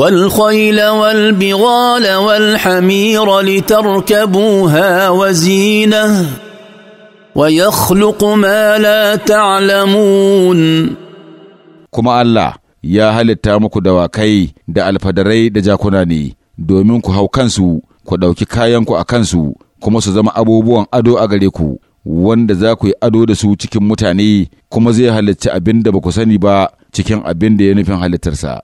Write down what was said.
والخيل والبغال والحمير لتركبوها وزينه ويخلق ما لا تعلمون kuma Allah ya halitta muku dawakai da alfadarai da jakuna ne domin ku hau kansu ku ɗauki kayanku a kansu kuma su zama abubuwan ado a gare ku wanda za ku yi ado da su cikin mutane kuma zai halicci abinda da ba ku sani ba cikin abin da ya nufin halittarsa.